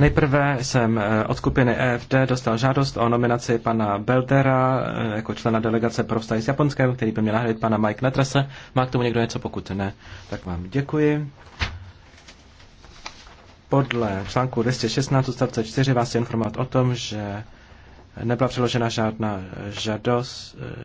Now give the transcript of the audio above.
Nejprve jsem eh, od skupiny EFD dostal žádost o nominaci pana Beltera eh, jako člena delegace pro vztahy s Japonskem, který by měl nahradit pana Mike Netrese. Má k tomu někdo něco? Pokud ne, tak vám děkuji. Podle článku 216 odstavce 4 vás je informovat o tom, že nebyla přeložena žádná žádost. Eh,